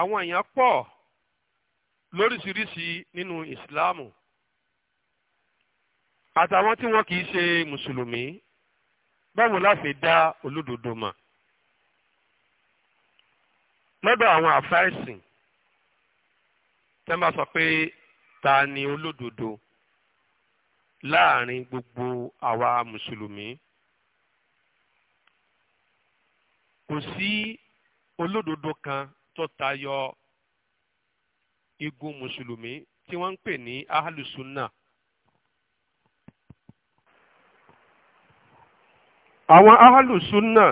àwọn èèyàn pọ̀ lóríṣiríṣi nínú ìsìláàmù àtàwọn tí wọn kì í ṣe mùsùlùmí báwo la fi dá olódodo mọ̀ lọ́dọ̀ àwọn àfáìsìn tẹ́ máa sọ pé ta ni olódodo láàrin gbogbo àwa mùsùlùmí kò sí olódodo kan tó tayọ igun mùsùlùmí tí wọ́n ń pè ní ahalusunna. àwọn ahalusunna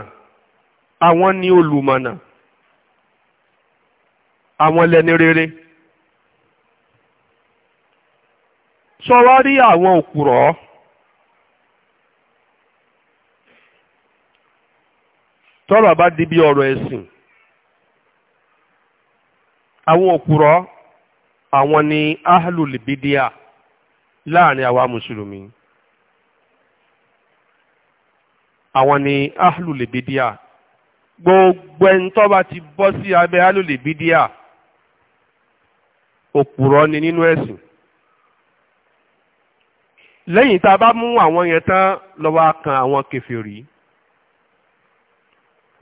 àwọn ni olùmọ̀nà àwọn lẹni rere sọwárí àwọn òkùrọ̀ tọ́rọ̀ bá di bí ọ̀rọ̀ ẹ̀sìn àwọn òpùrọ́ àwọn ni ahlul bidia láàrin àwa mùsùlùmí àwọn ni ahlul bidia gbogbo ẹni tó bá ti bọ́ sí abẹ́ ahlul bidia òpùrọ́ ni nínú ẹ̀sìn lẹ́yìn tá a bá mú àwọn yẹn tán lọ́wọ́ kan àwọn kèfèrí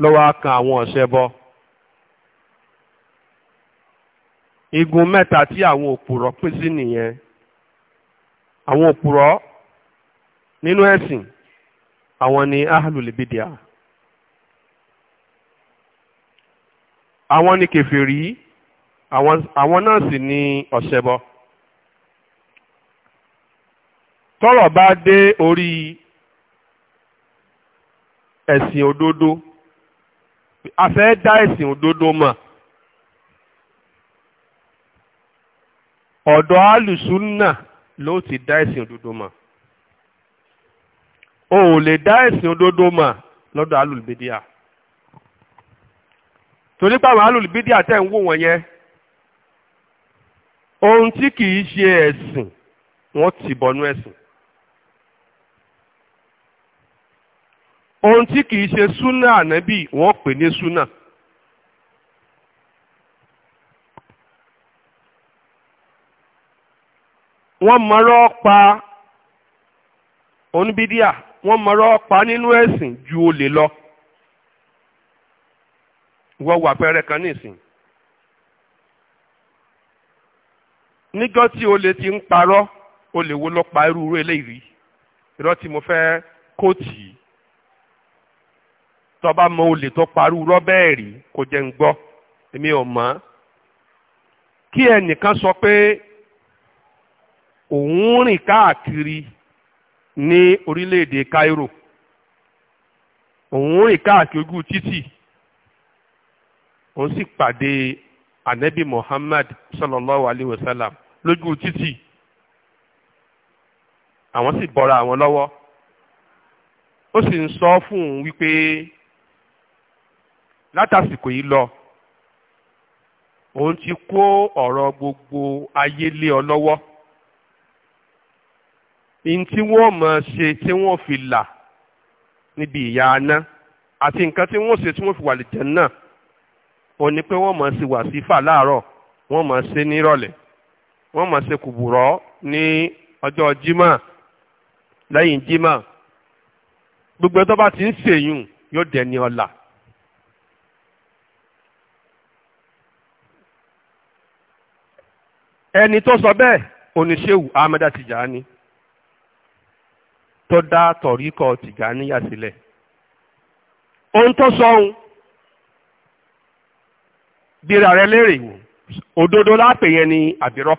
lọ́wọ́ kan àwọn ọ̀ṣẹbọ. igun mẹ́ta tí àwọn òpùrọ̀ pín sí nìyẹn àwọn òpùrọ̀ nínú ẹ̀sìn àwọn ni ahlul bidia àwọn ni kèfèrí àwọn náà sì ni ọ̀ṣẹbọ tọ́rọ̀ bá dé orí ẹ̀sìn òdodo a fẹ́ dá ẹ̀sìn òdodo mọ̀ ọ̀dọ̀ alùsùnà ló ti dá ẹ̀sìn òdodo mọ̀ o ò lè dá ẹ̀sìn òdodo mọ̀ lọ́dọ̀ alùlùbídíà torí pàmò alùlùbídíà tẹ̀ ń wò wọ́n yẹn ohun tí kìí ṣe ẹ̀sìn wọ́n ti bọnú ẹ̀sìn ohun tí kìí ṣe súnà ànábì wọ́n pè ní súnà. wọ́n mọ̀rọ́ pa oníbídíà wọ́n mọ̀rọ́ pa nínú ẹ̀sìn ju olè lọ wọ́n wà pẹ́rẹ́ kan nísìn níjọ́ tí olè ti ń parọ́ olè wo lọ pa irú irú eléyìí irọ́ tí mo fẹ́ kóòtù yìí tọ́ba mọ olè tó parú rọ́bẹ́ẹ̀rì kò jẹ́ ń gbọ́ èmi ò mọ̀ kí ẹnìkan sọ pé òun rìn káàkiri ní orílẹ̀-èdè Cairo òun rìn káàkiri ojú títì òun sì pàdé anabi Muhammad sallallahu alayhi wa sallam lójú títì àwọn sì bọ́ra àwọn lọ́wọ́ ó sì ń sọ fún un wípé látàsìkò yìí lọ òun ti kó ọ̀rọ̀ gbogbo ayé lé ọ lọ́wọ́. ní tí wọ́n máa ṣe tí wọ́n fi là níbi ìyà aná àti nǹkan tí wọ́n ṣe tí wọ́n fi wà lè jẹ́ náà wọ́n ní pé wọ́n máa ṣe wàsífà láàárọ̀ wọ́n máa ṣe nírọ̀lẹ́ wọ́n máa ṣe kùbùrọ̀ ní ọjọ́ jimá lẹ́yìn jimá gbogbo ẹ̀tọ́ bá ti ń ṣèyún yóò dẹni ọ̀la. ẹni tó sọ bẹ́ẹ̀ oníṣẹ́wù Ahmada Tijani tó dá tọ̀ríkọ̀ tìjàníyà sílẹ̀ ohun tó sọ́hun bíra rẹ léèrè wò òdodo lápè yẹn ni àbírọ́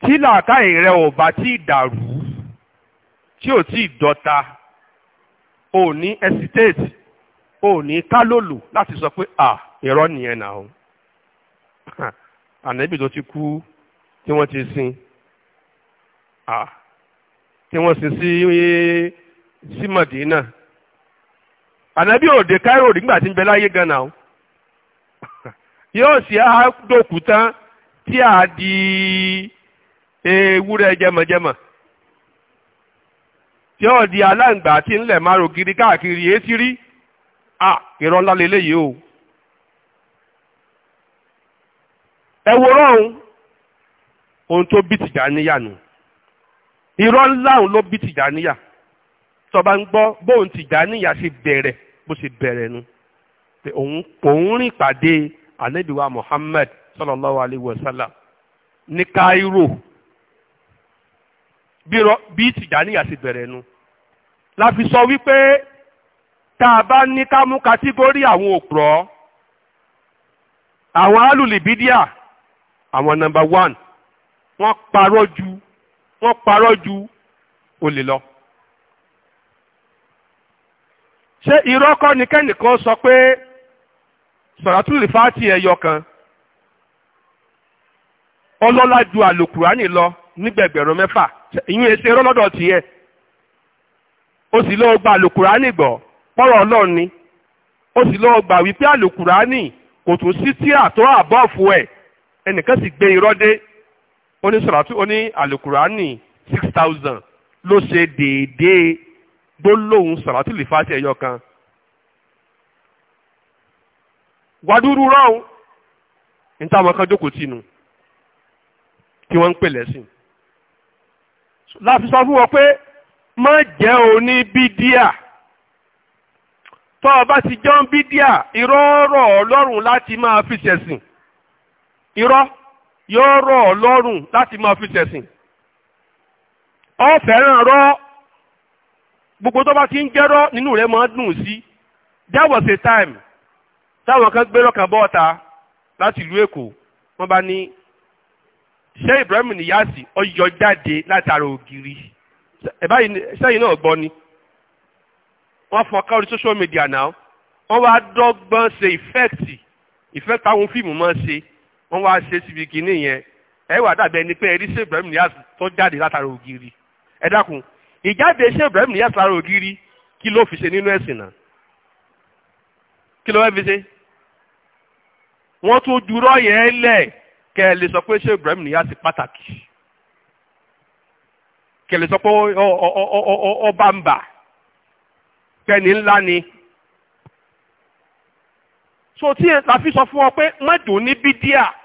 tí làákàyè rẹ ò bá tí ì dàrú tí ò tí ì dọ́ta ò ní hesitate ò ní kálòlò láti sọ pé à irọ́ nìyẹn náà ànábì tó ti kú tí wọ́n ti sin. tí wọ́n sin sí eh, sí ànábì òde Cairo nígbà tí ń bẹ láyé gan náà yóò sì á tí a di eh, ewúrẹ́ jẹmọ̀jẹmọ̀ tí ó di aláǹgbà tí ń lẹ̀ márùn kiri káàkiri etí rí à o. ẹ wo rọrùn ohun tó níyànú. irọ́ láwọn ló bí tìjàníyà tọba ń gbọ́ bóun tìjàníyà ṣe bẹ̀rẹ̀ bó ṣe bẹ̀rẹ̀ nu òun òun rìn pàdé anabiwa Muhammad sallallahu alayhi wa sallam ní Cairo bí tìjàníyà ṣe bẹ̀rẹ̀ nu la fi sọ wípé tá a bá ní ká mú kátígórì àwọn òpùrọ́ àwọn alùlìbídíà àwọn nọ́mbà one wọ́n parọ́ ju wọ́n parọ́ ju olè lọ. ṣé irọ́ kọ́ ni kẹ́nìkan sọ pé sọ̀ràtúlì fáàtì ẹ̀yọ kan ọlọ́lá ju àlòkùránì lọ nígbẹ̀gbẹ̀rún mẹ́fà ìyún èsì irọ́ lọ́dọ̀ tiẹ̀ ó sì lọ́ọ́ gba àlòkùránì gbọ́ pọ́rọ̀ ọlọ́run ni ó sì lọ́ọ́ gbà wípé àlòkùránì kò tún sí tíra tó àbọ̀ fún ẹ̀ ẹnìkan sì gbé irọ́ dé ó ní sọ̀ràtú alukurani six thousand ló ṣe déédéé gbólóhùn sọ̀ràtú lè fàṣẹ ẹ̀yọ kan. wàdúrú rọ́ọ̀ ní táwọn kan jókòó tì nù tí wọ́n ń pè lẹ́sìn. láti sọ fún wọn pé má jẹ́ òní bídíà tọ́ ọ bá ti jọ́ ń bídíà irọ́ ọ̀rọ̀ ọlọ́run láti máa fi ṣẹ̀sìn irọ́ yóò rọ̀ ọ́ lọ́rùn láti máa fi tẹ̀sìn ọ fẹ́ràn rọ́ gbogbo tó bá ti ń jẹ́rọ́ nínú rẹ̀ máa dùn sí there was a time táwọn kan gbérọ̀ kan bọ́ ọ̀ta láti ìlú èkó wọ́n bá ní ṣé Ibrahim Niyasi ọyọ jáde látara ògiri ẹ báyìí sẹ́yìn náà gbọ́ ni wọ́n fọ́n ká orí social media náà wọ́n wá dọ́gbọ́n ṣe ìfẹ́ẹ̀tì ìfẹ́ẹ̀tì àwọn fíìmù máa ń ṣe wọ́n wá ṣe síbi kínní yẹn ẹ wà dàbí ẹni pé ẹrí ṣe Ibrahim Niass tó jáde látara ògiri ẹ dákun ìjáde ṣe Ibrahim Niass látara ògiri kí ló fi ṣe nínú ẹ̀sìn náà kí ló fẹ́ fi ṣe wọ́n tún jurọ́ yẹn lẹ̀ kẹ́ ẹ lè sọ pé ṣe Ibrahim Niass pàtàkì kẹ́ ẹ lè sọ pé ọba ń bà kẹ́ni ńlá ni so tí la fi sọ fún ọ pé mẹ́jọ ní bídíà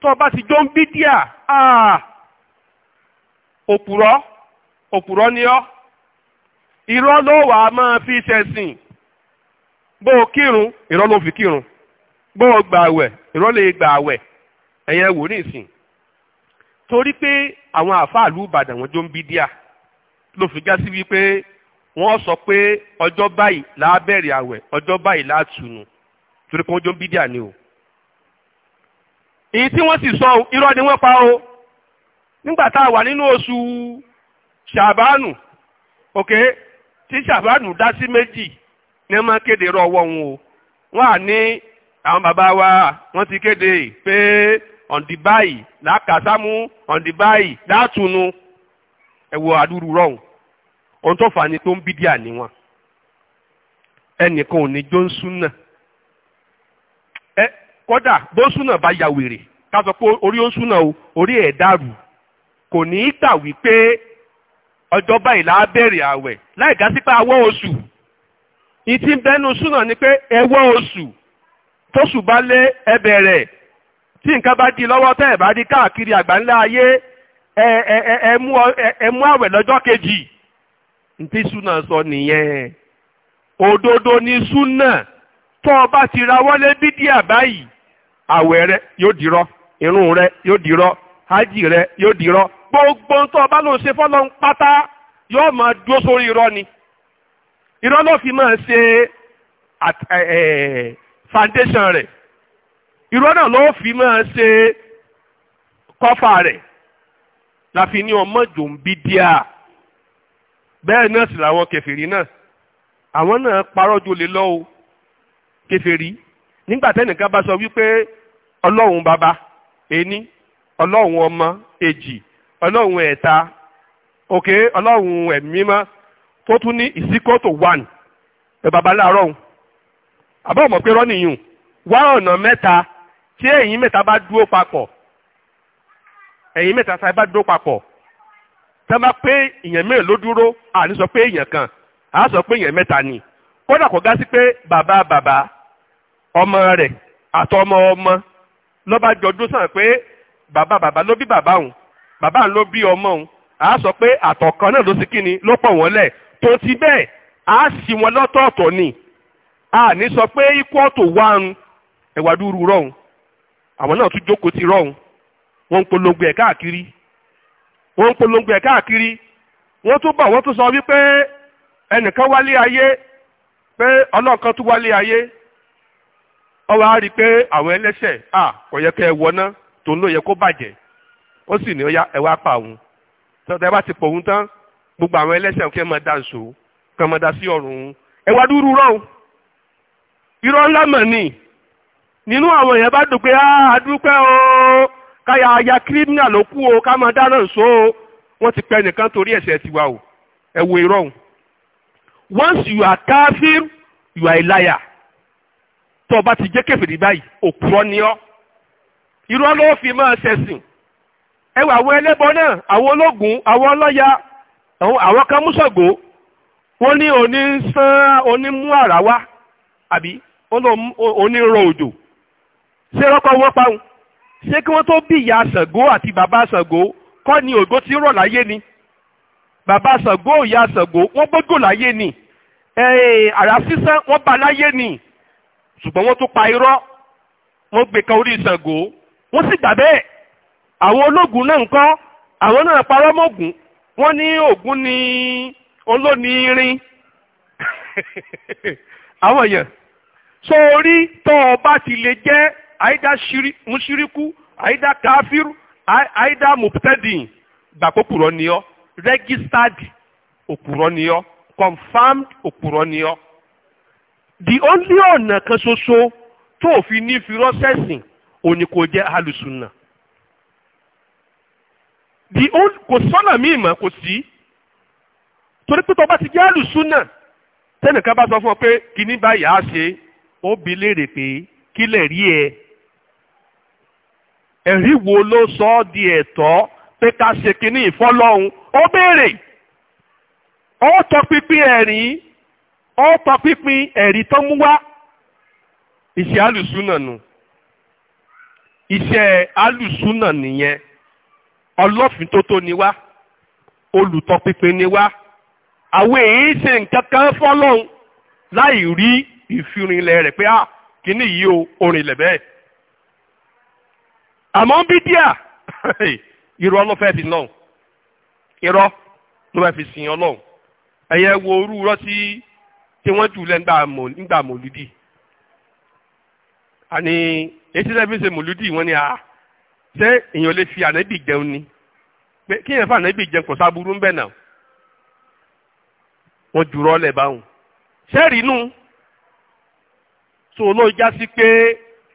tó bá ti jó ń bí díà ah, òpùrọ́ òpùrọ́ ni ọ́ irọ́ ló wà á máa fi ṣẹ̀sìn bó o kírun irọ́ ló fi kírun bó o gbààwẹ̀ irọ́ lè gbààwẹ̀ ẹ̀yẹn wò ní ìsìn torí pé àwọn àfáàlú Ìbàdàn wọn jó ń bí díà ló fi já sí wípé wọ́n sọ pé ọjọ́ báyìí la bẹ̀rẹ̀ àwẹ̀ ọjọ́ báyìí la tùnú torí pé wọ́n jó ń bí díà ni o. èyí tí wọ́n sì sọ irọ́ ni wọ́n pa o nígbà tá a wà nínú oṣù ṣàbánù òkè tí ṣàbánù dá sí méjì ní wọ́n máa kéde irọ́ ọwọ́ wọn o wọ́n à ní àwọn bàbá wa wọ́n ti kéde pé ọ̀ǹdì báyìí làákàsámú ọ̀ǹdì báyìí látùnú ẹ̀wọ̀ àdúrú rọ̀hún ohun tó fà á tó ń bídíà níwọ̀n ẹnìkan ò ní jó ń sún náà kódà bó súnà bá ya wèrè ká sọ pé orí ó súnà o orí ẹ̀ dàrú kò ní í gbà wípé ọjọ́ báyìí la bẹ̀rẹ̀ àwẹ̀ láì gá sí pé awọ́ oṣù ìtì bẹnu súnà ni pé ẹwọ́ oṣù tóṣù bá lé ẹ bẹ̀rẹ̀ tí nǹkan bá di lọ́wọ́ tẹ́ ẹ̀ bá di káàkiri àgbáńlá ayé ẹ mú àwẹ̀ lọ́jọ́ kejì ntí súnà sọ nìyẹn òdodo ni súnà tó o bá ti rawọ́lé àwẹ̀ rẹ yóò dìrọ irun rẹ yóò dìrọ hajj rẹ yóò dìrọ gbogbo tó o bá lò ṣe fọlọ́n pátá yóò máa dúró sórí irọ́ ni irọ́ ló fi máa ṣe foundation rẹ̀ irọ́ náà ló fi máa ṣe kọ́fà rẹ̀ láfi ní ọmọ jòǹbídíà bẹ́ẹ̀ náà sì làwọn kẹfìrí náà àwọn náà parọ́ jolè lọ́wọ́ kẹfìrí nígbà tẹ́nìkan bá sọ wípé ọlọ́run bàbá ení ọlọ́run ọmọ èjì ọlọ́run ẹ̀ta òkè ọlọ́run ẹ̀mí mímọ́ tó tún ní ìsíkótò one ẹ̀ bàbá láàárọ̀ òun àbá ọmọ pé rọ́nìyàn wá ọ̀nà mẹ́ta tí ẹ̀yin mẹ́ta bá dúró papọ̀ ẹ̀yin mẹ́ta sáyé bá dúró papọ̀ tẹ́ bá pé èèyàn mẹ́rin ló dúró àní sọ pé èèyàn kan àá sọ pé èèyàn mẹ́ta ni kódà kò gá sí pé bàbá bàbá ọmọ rẹ̀ àtọmọ ọmọ lọ́ba jọdún sàn pé bàbá bàbá ló bí bàbá òun bàbá ló bí ọmọ òun àá sọ pé àtọ̀kan náà ló sì kíni ló pọ̀ wọ́n lẹ̀ tó ti bẹ́ẹ̀ àá sì wọn lọ́tọ̀ọ̀tọ̀ ni àní sọ pé ikú ọ̀tọ̀ wárun ẹ̀wà dúró rọ̀hún àwọn náà tún jókòó ti rọ̀hún wọ́n ń polongo ẹ̀ káàkiri wọ́n ń polongo ẹ̀ káàkiri wọ́n tún bọ̀ wọ́n tún sọ wípé ẹnìkan wálé ayé pé ọlọ́kan tún wálé ayé ó wá rí i pé àwọn ẹlẹ́ṣẹ̀ à kò yẹ kẹ́ ẹ wọná tòun ló yẹ kó bàjẹ́ ó sì ní ó ẹ wá pa òun tọ́tà ẹ bá ti pọ̀ òun tán gbogbo àwọn ẹlẹ́ṣẹ̀ kí ẹ máa da nsò kí ẹ máa da sí ọ̀run ẹ wá dúró rọ̀ irọ́ ńlá mọ̀ ni nínú àwọn èèyàn bá dùn pé a dúpẹ́ o káyà aya kírímìnà ló kú o ká máa dáná nsò o wọ́n ti pẹ́ nìkan torí ẹ̀ṣẹ̀ tiwa o ẹ wo irọ́ o once you are kafir you are a liar tó o bá ti jẹ́ kèfèrí báyìí òpùrọ́ ni ọ́ irọ́ ló fi máa ṣẹ̀sìn ẹ wà àwọn ẹlẹ́bọ náà àwọn ológun àwọn ọlọ́ya àwọn kan mú Ṣàngó wọ́n ní òní ń sán òní mú àrá wá àbí òní rọ òjò ṣé rọ́pọ̀ wọ́n pàun ṣé kí wọ́n tó bí ìyá Ṣàngó àti bàbá Ṣàngó kọ́ ni ògo ti rọ̀ láyé ni bàbá Ṣàngó ìyá Ṣàngó wọ́n gbógò láyé ni àrà sísán wọ́n bá láyé ni ṣùgbọ́n wọ́n tún pa irọ́ wọ́n gbé kan orí Ṣàngó wọ́n sì gbà bẹ́ẹ̀ àwọn ológun náà ń kọ́ àwọn náà parọ́ mọ́gùn wọ́n ní Ògún ní olóni irin àwọn èèyàn sórí tó o bá ti lè jẹ́ àìdá mùsíríkù àìdá káfíru àìdá mùpútẹ́dìn gbàgbọ́ òpùrọ̀ ni ọ́ registered òpùrọ̀ ni ọ́ confirmed òpùrọ̀ ni ọ́ the only ọ̀nà kan ṣoṣo tó fi ní firọ́ sẹ́sìn òní kò jẹ́ alùsùnà the only kò sọ́nà míì mọ́ kò sí torí pé tó bá ti jẹ́ alùsùnà tẹ́nìkan bá sọ fún ọ pé kíní báyìí á ṣe ó bi léèrè pé kí lè rí ẹ ẹ̀rí wo ló sọ ọ́ di ẹ̀tọ́ pé ká ṣe kíní ìfọ́lọ́hún ó béèrè ó tọpinpin ẹ̀rín ó tọpinpin ẹ̀rí tó mú wá iṣẹ́ alùsùnà nù iṣẹ́ alùsùnà nìyẹn ọlọ́fíntótó ni wá olùtọpinpin ni wá àwọn èyí ṣe nǹkan kan fọ́lọ́hún láì rí ìfirinlẹ̀ rẹ̀ pé à ah, kíní yìí o orin lẹ̀ bẹ́ẹ̀ àmọ́ bí díà irọ́ ló fẹ́ fi lọ́hùn irọ́ ló fẹ́ fi sìn ọlọ́hùn ẹ̀yẹ wo orú rọ́ sí. Si, tí wọ́n jù lẹ́ nígbà mòlúdì àní etí lẹ́bí ṣe mòlúdì wọ́n ní a ṣé èèyàn lè fi ànábì jẹun ni pé kí èèyàn fa ànábì jẹun kò sábúrú ń bẹ̀ náà wọ́n jùrọ̀ ọ̀lẹ̀ báwọn ṣẹ́ẹ̀rì inú tó ló já sí pé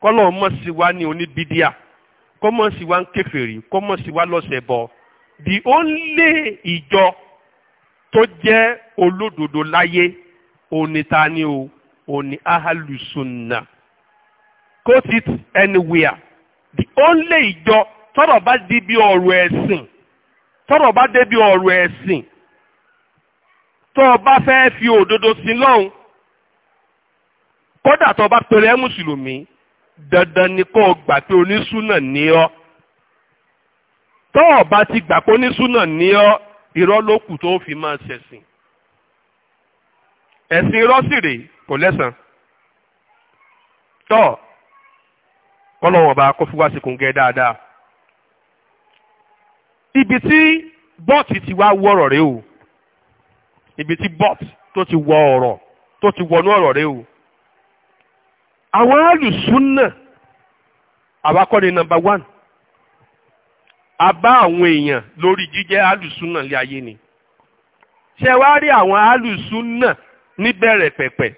kọ́lọ̀ mọ̀ sí wa ní oníbídíà kọ́mọ̀ sí wa ń kèfèrí kọ́mọ̀ sí wa lọ́sẹ̀ bọ̀ the only ìjọ tó jẹ́ olódodo láyé òní ta ni o òní ahalusunna quote it anywhere the only ìjọ tọ́rọ̀ bá di bí ọ̀rọ̀ ẹ̀sìn tọ́rọ̀ bá dé bí ọ̀rọ̀ ẹ̀sìn tó o bá fẹ́ fi òdodo sí lọ́hùn kódà tó o bá pèrè ẹ́ mùsùlùmí dandan ni kó o gbà pé onísùnà ní ọ tó o ti gbà pé onísùnà ní ọ irọ́ ló kù tó fi máa ṣẹ̀sìn ẹ̀sìn rọ́sìrè kò lẹ́sàn tọ́ kọ́lọ́wọ̀n ọba kó fi wá sí kòńgẹ́ dáadáa ibi tí bọ́ọ̀tì ti wá wọ ọ̀rọ̀ rẹ o ibi tí bọ́ọ̀tì tó ti wọ ọ̀rọ̀ tó ti wọnú ọ̀rọ̀ rẹ o àwọn alùsùnà àwákọ́ ni nọ́mbà one a bá àwọn èèyàn lórí jíjẹ́ alùsùnà lé ayé ni ṣé wàá rí àwọn alùsùnà níbẹ̀rẹ̀ pẹ̀pẹ̀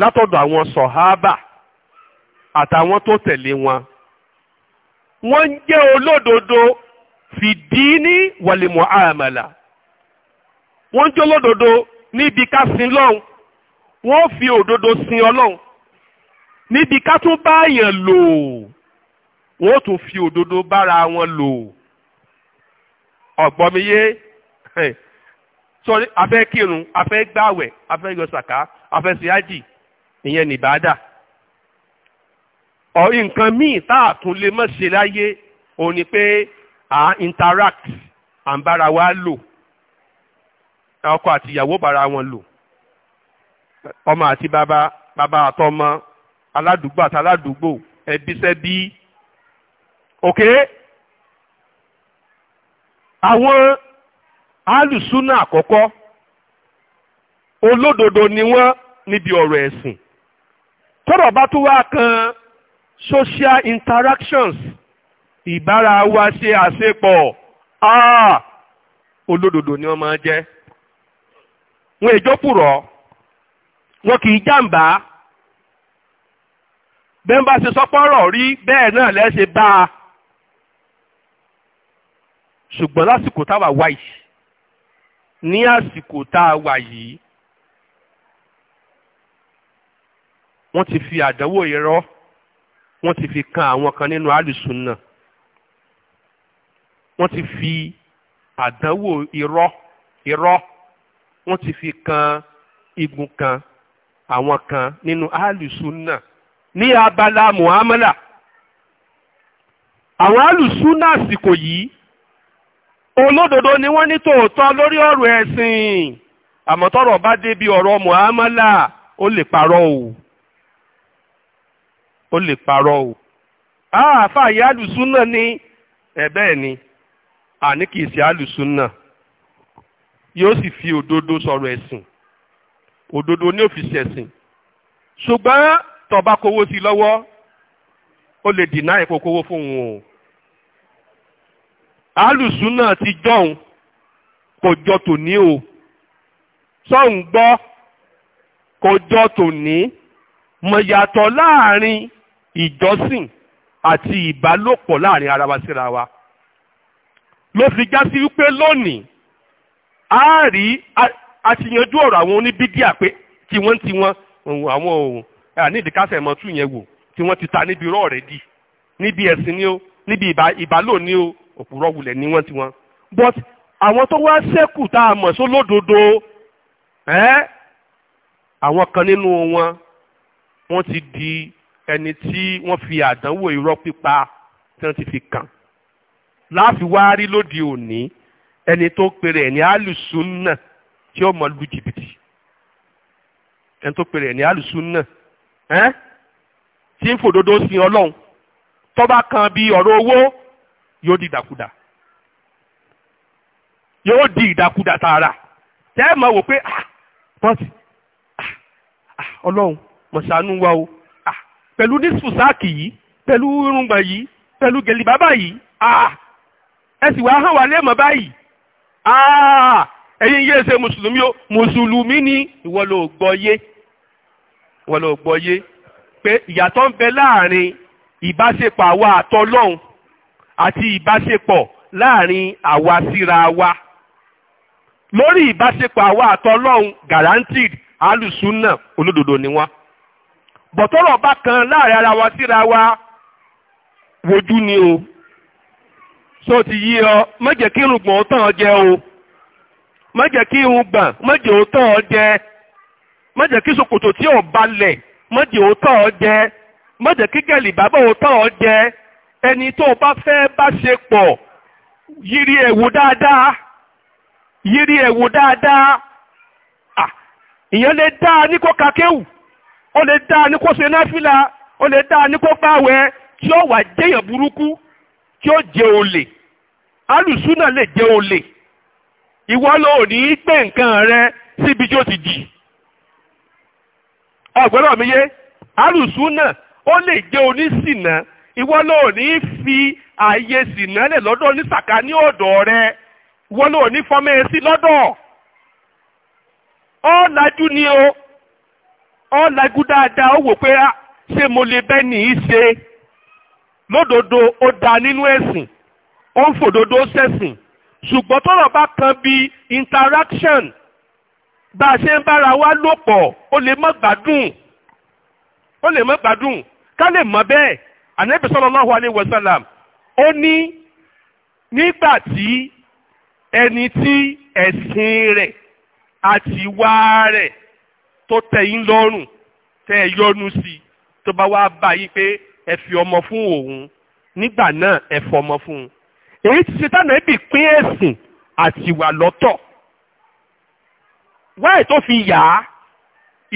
látọ̀dọ̀ àwọn sọ̀háábà àtàwọn tó tẹ̀lé wọn wọ́n ń jẹ́ olódodo fìdíní wàlìmọ̀ àmàlà wọ́n ń jẹ́ olódodo níbi ká sin lọ́hùn wọ́n fi òdodo sin ọlọ́hun níbi ká tún bá yàn lò wọ́n tún fi òdodo bára wọn lò ọ̀gbọ́n mi yé sọrí afẹ́ kírun afẹ́ gbàwẹ̀ afẹ́ yọ sàká afẹ́ síájì ìyẹn nìbàdà ọ nǹkan míì tá a tún lè mọ̀ ṣe láyé òun ni pé à ń interact à ń bára wa lò ọkọ àti ìyàwó bára wọn lò ọmọ àti bàbá bàbá àtọmọ aládùúgbò àti aládùúgbò ẹbí sẹbí òkè àwọn. alùsúnà àkọ́kọ́ olódodo ni wọ́n níbi ọ̀rọ̀ ẹ̀sìn tọ́rọ̀ bá tún wá kan social interactions ìbára wa ṣe àṣepọ̀ ah olódodo ni wọ́n máa jẹ́ wọn èjọ́ pùrọ̀ wọn kì í jàǹbá bẹ́ẹ̀ bá ṣe sọ́pọ́rọ̀ rí bẹ́ẹ̀ náà lẹ́ bá a ṣùgbọ́n lásìkò táwa wáyìí ní àsìkò tá a wà yìí wọ́n ti fi àdánwò irọ́ wọ́n ti fi kan àwọn kan nínú alùsùn náà wọ́n ti fi àdánwò irọ́ irọ́ wọ́n ti fi kan igun kan àwọn kan nínú alùsùn náà ní abala muhammadu àwọn alùsùn náà àsìkò yìí olódodo ni wọ́n ní tòótọ́ lórí ọ̀rọ̀ ẹ̀sìn àmọ́ bá dé bí ọ̀rọ̀ muhammadu ó lè parọ́ o ó lè parọ́ o àáfà alùsùn náà ní ẹ̀bẹ́ ni àní kìí ṣe yóò sì fi òdodo sọ̀rọ̀ ẹ̀sìn òdodo ní òfìsì ẹ̀sìn ṣùgbọ́n tọ́ba kówó sí lọ́wọ́ ó lè dìnà fún òun alùsùn náà ti jọ̀hún kò jọ tòní o sọ̀hún gbọ́ kò jọ tòní mọ̀yàtọ̀ láàrin ìjọsìn àti ìbálòpọ̀ láàrin ara wa síra wa ló fi já sí wípé lónìí a rí àtìyànjú ọ̀rọ̀ àwọn oníbídíà pé tiwọn tiwọn àwọn òun ní ìdíkásẹ̀ mọ́tún yẹn wò tí ti ta níbi irọ́ di níbi ẹ̀sìn ni ó níbi ìbálò ni ó òpùrọ̀ wulẹ̀ ní wọ́n tiwọn but àwọn tó wá ṣẹ́kù tá a mọ̀ só lódodo ẹ́ àwọn kan nínú wọn wọ́n ti di ẹni tí wọ́n fi àdánwò irọ́ pípa tí wọ́n ti fi kàn láàfin wá rí lóde òní ẹni tó pèrè ẹ̀ ní alùsùn náà tí ó mọ̀ lu jìbìtì ẹni tó pèrè ẹ̀ alùsùn náà ẹ́ tí ń fòdodo sin ọlọ́run tó bá kan bí ọ̀rọ̀ owó yóò di ìdàkudà yóò di ìdàkudà tààrà tẹ́ ẹ̀ máa wò pé ah, pọ́ǹsì ah, ah, ọlọ́run mọ̀ṣánú wa o pẹ̀lú nísù sáàkì yìí pẹ̀lú irungba yìí pẹ̀lú gẹ̀lì bàbá yìí ẹ sì wáá hàn wá lẹ́mọ̀ báyìí ẹ̀yin yéé ṣe mùsùlùmí o mùsùlùmí ni ìwọ ló gbọ́ yé ìwọ ló gbọ́ yé pé ìyàtọ̀ ń bẹ láàrin ìbáṣepọ̀ àwa àtọlọ́hun àti ìbáṣepọ̀ láàrin àwa síra wa lórí ìbáṣepọ̀ àwa àtọlọ́hun guaranteed alùsùnà olódodo ni wọ́n bọ̀tọ́rọ̀ bá kan láàrin ara wa síra wa wojú ni o so ti yí ọ má jẹ́ kí irùngbọ̀n tàn jẹ o má jẹ́ kí irùngbọ̀n má jẹ́ ó tàn jẹ má kí ṣòkòtò tí ò balẹ̀ má jẹ́ ó jẹ má kí gẹ̀lì bàbá ó tàn jẹ. ẹni tó bá fẹ́ bá ṣe pọ̀ yírí ẹ̀wò dáadáa yírí ẹ̀wò dáadáa ah, ìyẹn lè dáa ní kó kakéwù ó lè dáa ní kó ṣe náfìlà ó lè dáa ní kó je tí ó wà jẹ́yàn burúkú tí ó jẹ olè alùsúnà lè jẹ olè ìwọ ló ní gbé nǹkan rẹ síbi tí ó ti dì ọ̀gbẹ́rọ̀ mi yé alùsúnà ó lè jẹ onísìnà. ìwọ ló ní fi ààyè sìnálẹ̀ lọ́dọ̀ onísàkà ní ọ̀dọ̀ rẹ ìwọ ló ní fọmẹ́sì lọ́dọ̀ ọ́ lajú ni o ọ́ lajú dáadáa ó wò pé ah, ṣé mo lè bẹ́ nìyí ṣe lódodo ó da nínú ẹ̀sìn ó ń fòdodo sẹ̀sìn ṣùgbọ́n tọ́rọ̀ bá kan bí interaction bá a ṣe ń bára wa lò pọ̀ ó lè má gbádùn ó lè má gbádùn ká lè mọ̀ bẹ́ẹ̀ anabi sallallahu alayhi wa sallam ó ní nígbà tí ẹni tí ẹ̀sìn rẹ̀ àti wá rẹ̀ tó tẹ́ yín lọ́rùn tẹ́ ẹ yọ́nú sí i tó bá wá bá yín pé ẹ fi ọmọ fún òun nígbà náà ẹ fọmọ fún un èyí tí ṣe tánà ẹbí pín ẹ̀sìn àti ìwà lọ́tọ̀ wáyé tó fi yà á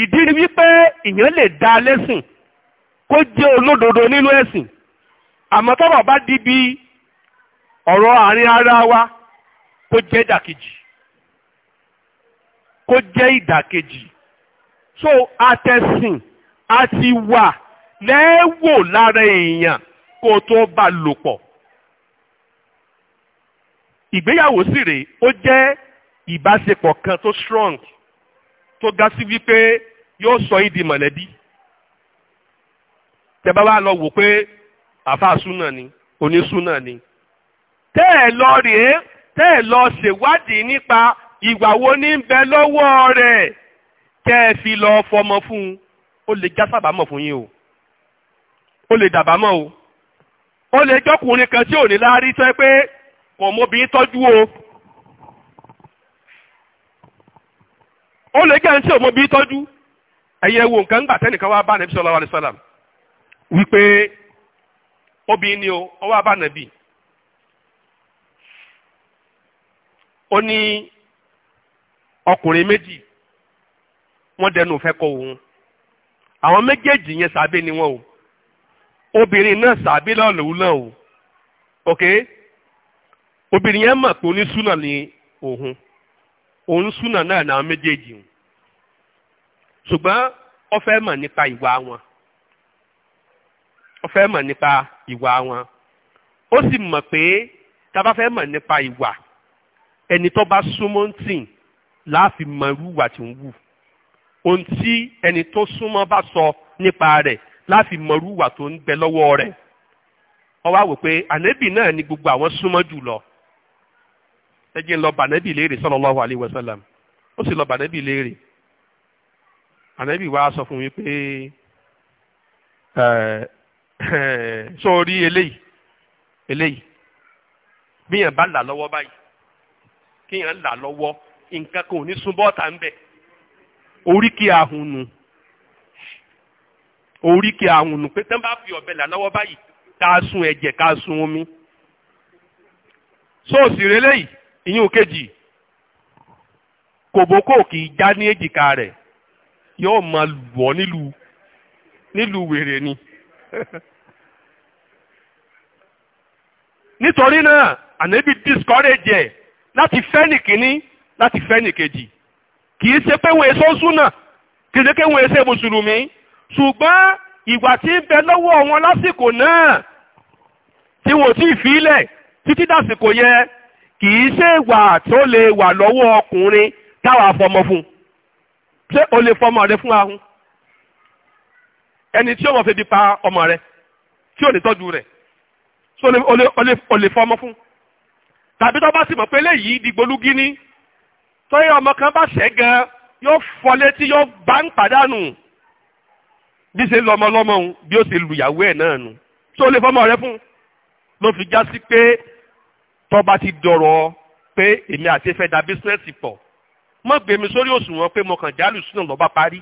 ìdí ni wípé ìyẹn lè dá lẹ́sìn kó jẹ́ olódodo nínú ẹ̀sìn àmọ́ tọ́rọ̀ bá di bí ọ̀rọ̀ àárín ara wa kó jẹ́ ìdàkejì kó jẹ́ ìdàkejì so àtẹ̀sìn àti wà lẹ́wò lára èèyàn kó tó bá lò pọ̀ ìgbéyàwó sì rèé ó jẹ́ ìbáṣepọ̀ kan tó strong tó ga sí wípé yóò sọ yín mọ̀lẹ́bí tẹ́bá wá lọ wò pé àfa súnà ni onísúnà ni tẹ́ ẹ̀ lọ rèé tẹ́ ẹ̀ lọ ṣèwádìí nípa ìwà wo ní ń bẹ lọ́wọ́ rẹ̀ kẹ́ ẹ fi lọ fọmọ fún un ó lè já sábàámọ̀ fún yín o ó lè dàbámọ̀ o ó lè jọ́kùnrin kan tí ò ní láárí tẹ́ pé kò mọbìnrin tọ́jú o ó lè jẹ́ ẹni tí ò mọbìnrin tọ́jú ẹ̀yẹ wo nǹkan ń gbà tẹ́nìkan wá bá nàbí sallallahu alaihi wasallam wípé obìnrin ni o ó wá bá nàbì ó ní ọkùnrin méjì wọ́n dẹnu fẹ́ kọ òun àwọn méjèèjì yẹn sàbí ni wọ́n o obìnrin náà sàbí lọ́lọ́wọ́ náà o ok obìnrin yẹn mọ̀ pé onísùnà ni òun òun súnà náà làwọn méjèèjì o ṣùgbọ́n ó fẹ́ mọ̀ nípa ìwà wọn ó fẹ́ mọ̀ nípa ìwà wọn ó sì mọ̀ pé tá a bá fẹ́ mọ̀ nípa ìwà ẹni tó bá súnmọ́ ń tì láàfin mọ irú ìwà tí ń wù ohun tí ẹni tó súnmọ́ bá sọ nípa rẹ̀ láàfin mọ irú ìwà tó ń bẹ lọ́wọ́ rẹ̀ ó wá wò pé ànẹ́bì náà ni gbogbo àwọn súnmọ́ jù lọ ẹ jẹ́ ń lọ bànẹ́bì léèrè sallallahu alaihi wasallam ó sì lọ bànẹ́bì léèrè ànẹ́bì wa sọ fún mi pé sórí eléyìí eléyìí bíyàn bá là lọ́wọ́ báyìí kíyàn là lọ́wọ́ nǹkan kan ò ní bọ́ọ̀tà ń bẹ̀ pé fi ọ̀bẹ là lọ́wọ́ báyìí ká sun ẹ̀jẹ̀ ká sun omi kejì kòbókò kì í já ní èjìká rẹ̀ yóò máa nílùú nílùú wèrè ni. nítorí náà ànábì discourage ẹ̀ láti fẹ́ nìkíní láti fẹ́ nìkejì kì í ṣe pé wọ́n èso súnà kì í ṣe pé wọ́n èso mùsùlùmí ṣùgbọ́n ìwà tí ń bẹ lọ́wọ́ wọn lásìkò náà tí wọ́n ti fílẹ̀ títí dàsìkò yẹ kì í ṣe ìwà tó lè wà lọ́wọ́ ọkùnrin táwa fọmọ fún ṣé o lè fọmọ rẹ fún ahun ẹni tí ọmọ fẹ́ bí pa ọmọ rẹ tí ò lè tọ́jú rẹ̀ so o lè fọmọ fún tàbí tó bá sì mọ̀ pé léyìí dìgbòlúgí ní tọ́yẹ ọmọ kan bá ṣẹ́ gan yóò fọ létí yóò bá ń pàdánù bí ṣe lọmọ lọmọ òun bí ó ṣe lùyàwó ẹ̀ náà nù so o lè fọmọ rẹ fún ló fi já sí pé tó bá ti dọ̀rọ̀ pé èmi àti fẹ́ da bísínẹ́sì pọ̀ mọ̀ gbèmí sórí òṣùwọ̀n pé mo kàn jálù sínú lọ́ba parí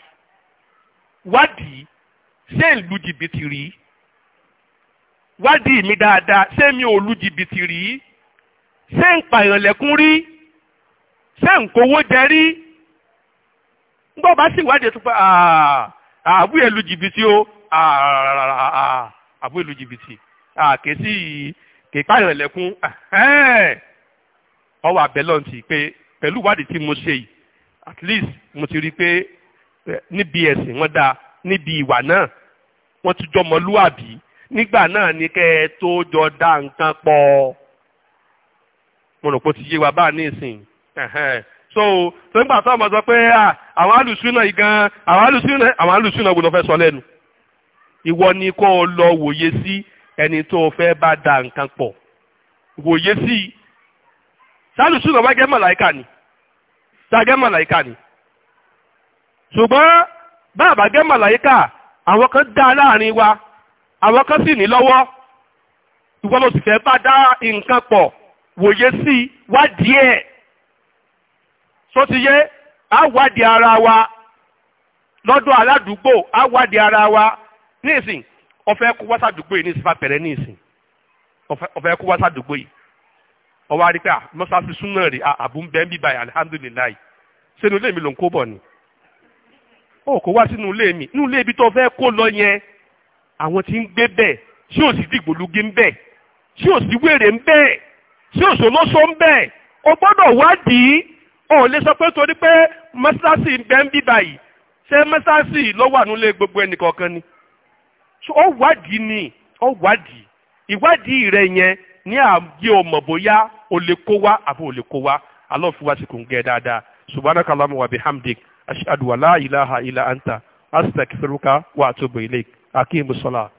wádìí ṣé ń lu jìbìtì rí wádìí mi dáadáa ṣé mi ò lu jìbìtì rí ṣé ń pààyàn lẹ́kún rí ṣé ń kówó jẹ rí nígbà bá sì wádìí tó fẹ́ àbú ẹ̀ lu jìbìtì o àbú ẹ̀ lu jìbìtì kèsì kèpààyàn lẹ́kún ọwọ́ abẹ́lọ́ntì pé pẹ̀lú ìwádìí tí mo ṣe yìí at least mo ti rí i pé eh, níbi ẹ̀sìn wọn dáa níbi ìwà náà wọ́n ti jọ mọ́lúàbí nígbà náà ni kẹ́ ẹ tó jọ dá nǹkan pọ̀ mo rò pé ó ti yé wa báà ní so tó ń gbà tó ọmọ sọ pé àwọn alùsùnà yìí gan àwọn alùsùnà àwọn alùsùnà wo ló fẹ́ sọ lẹ́nu ìwọ ni kó o lọ wòye sí ẹni tó o fẹ́ bá da nǹkan pọ̀ wòye sí i sálùsùnà wá jẹ́ màláìkà ni tá a ni ṣùgbọ́n báàbà gẹ́ màláyíkà àwọn kan dá láàrin wa àwọn kan sì ní lọ́wọ́ ìwọ ló sì fẹ́ bá dá nǹkan pọ̀ wòye sí i wádìí ẹ̀ tó ti yé àwádìí ara wa lọ́dọ̀ aládùúgbò àwádìí ara wa nísìn ọ̀fẹ́ kó wá sádùúgbò yìí ní ìsìnfà pẹ̀rẹ́ nísìn ọ̀fẹ́ kó wá sádùúgbò yìí ọwọ́ àríkà ah, mọ́sáàsì súnmọ́ rẹ̀ ah, àbúmbẹ́ bíbáyà alihamdulilayi sẹ́nu lèmi ló ń kó bọ̀ ni ó kowa wá sínú ilé mi inú ilé ibi tó fẹ́ kó lọ yẹn àwọn tí ń gbé bẹ́ẹ̀ tí ò sì dìgbòlugi ń bẹ́ẹ̀ tí ò sì wèrè ń bẹ́ẹ̀ tí ò sòlóso ń bẹ́ẹ̀ o gbọ́dọ̀ wádìí ò lè sọ pé torí pé ń bẹ ń bí báyìí ṣé mọ́sálásì gbogbo ni so wádìí ni ó wádìí ìwádìí rẹ yẹn ní ọmọ bóyá o lè kó wá àbí o lè kó wá alọ́ fi wá sí gẹ́ أشهد ولا إله إلا أنت أستغفرك وأتوب إليك أقيم الصلاة